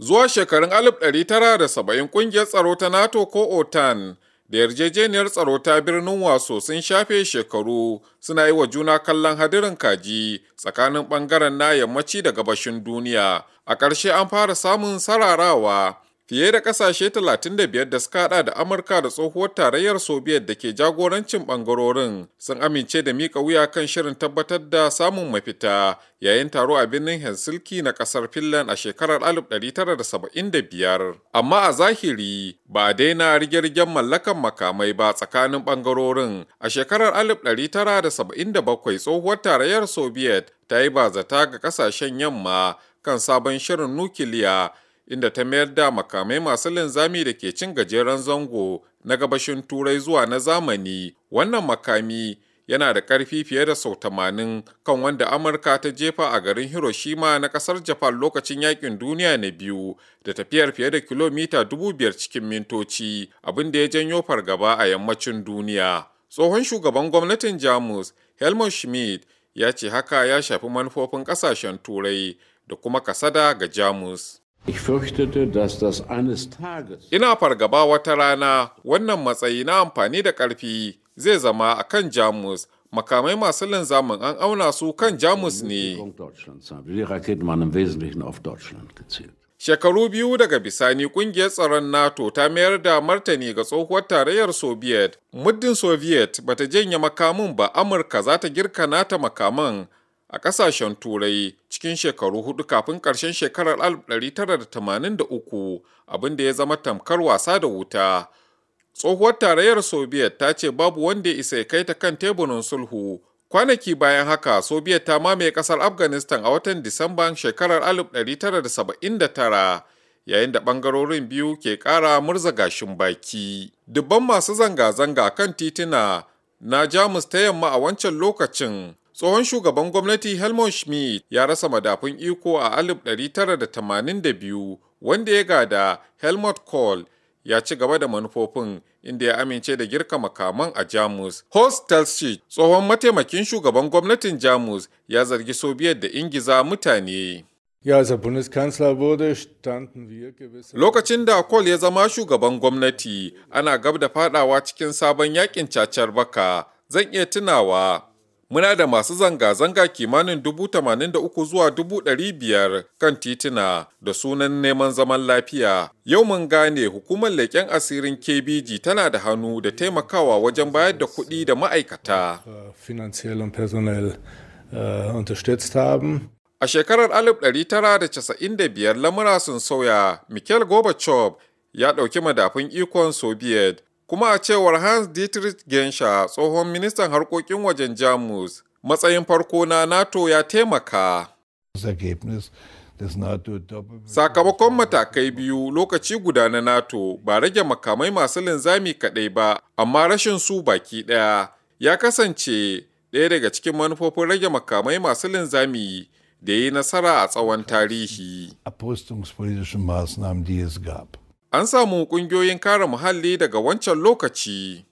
Zuwa shekarun 1970 ƙungiyar tsaro ta NATO ko OTAN da yarjejeniyar tsaro ta birnin waso sun shafe shekaru suna yi wa juna kallon hadirin kaji tsakanin ɓangaren na yammaci da gabashin duniya. A ƙarshe an fara samun sararawa fiye da ƙasashe 35 da suka hada da amurka da tsohuwar tarayyar soviet da ke jagorancin bangarorin sun amince da mika wuya kan shirin tabbatar da samun mafita yayin taro a birnin helsinki na ƙasar finland a shekarar 1975 amma a zahiri ba a daina rigirgen mallakan makamai ba tsakanin ɓangarorin. a shekarar 1977 tsohuwar tarayyar soviet ta yi ba-zata ga ƙasashen yamma kan sabon shirin nukiliya inda ta mayar da makamai masu linzami da ke cin gajeren zango na gabashin turai zuwa na zamani wannan makami yana da karfi fiye da sau 80 kan wanda amurka ta jefa a garin hiroshima na kasar japan lokacin yakin duniya na biyu da tafiyar fiye da kilomita 5,000 cikin mintoci abin da ya janyo fargaba a yammacin duniya tsohon shugaban gwamnatin jamus helmut schmidt ya ce haka ya shafi manufofin kasashen turai da kuma kasada ga jamus Ich fürchtete, dass das eines Tages. Ina fargaba wata rana wannan matsayi na amfani da ƙarfi zai zama a kan Jamus. Makamai masu linzamin an auna su kan Jamus ne. Shekaru biyu daga bisani kungiyar tsaron NATO ta mayar da martani ga tsohuwar tarayyar Soviet. Muddin Soviet bata janye makamun ba Amurka za ta girka nata makaman a ƙasashen turai cikin shekaru hudu kafin ƙarshen shekarar 1983 abin da ya zama tamkar wasa da wuta tsohuwar tarayyar soviet ta ce babu wanda ya isa ya kai ta kan teburin sulhu kwanaki bayan haka soviet ta mamaye ƙasar afghanistan a watan disamban shekarar 1979 yayin da bangarorin biyu ke ƙara murza gashin baki dubban masu zanga-zanga kan tituna, na jamus ta yamma a wancan lokacin Tsohon shugaban gwamnati Helmut Schmidt ya rasa madafun iko a 1982 wanda ya gada Helmut Kohl ya ci gaba da manufofin inda ya amince da girka makaman a Jamus. Horst Telschit, tsohon mataimakin shugaban gwamnatin Jamus, ya zargi Sobiyar da ingiza mutane. Er Lokacin da Kohl ya zama shugaban gwamnati, ana gab da fadawa cikin sabon yakin cacar baka, zan iya tunawa. muna da masu zanga-zanga kimanin dubu tamanin da uku zuwa dubu ɗari biyar kan tituna da sunan neman zaman lafiya. Yau mun gane hukumar leƙen asirin KBG tana da hannu da taimakawa wajen bayar da kuɗi da ma'aikata. Äh, A shekarar alif da 1995 lamura sun sauya, Mikhail Gorbachev ya ɗauki madafin ikon Soviet kuma a cewar hans dietrich Genscher, tsohon ministan harkokin wajen jamus matsayin farko na nato ya taimaka Sakamakon matakai biyu lokaci guda na NATO ba rage makamai masu linzami kaɗai ba, amma rashin su baki ɗaya ya kasance ɗaya daga cikin manufofin rage makamai masu linzami da ya yi nasara a tsawon tarihi. An samu ƙungiyoyin kare muhalli daga wancan lokaci.